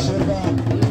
Sheba.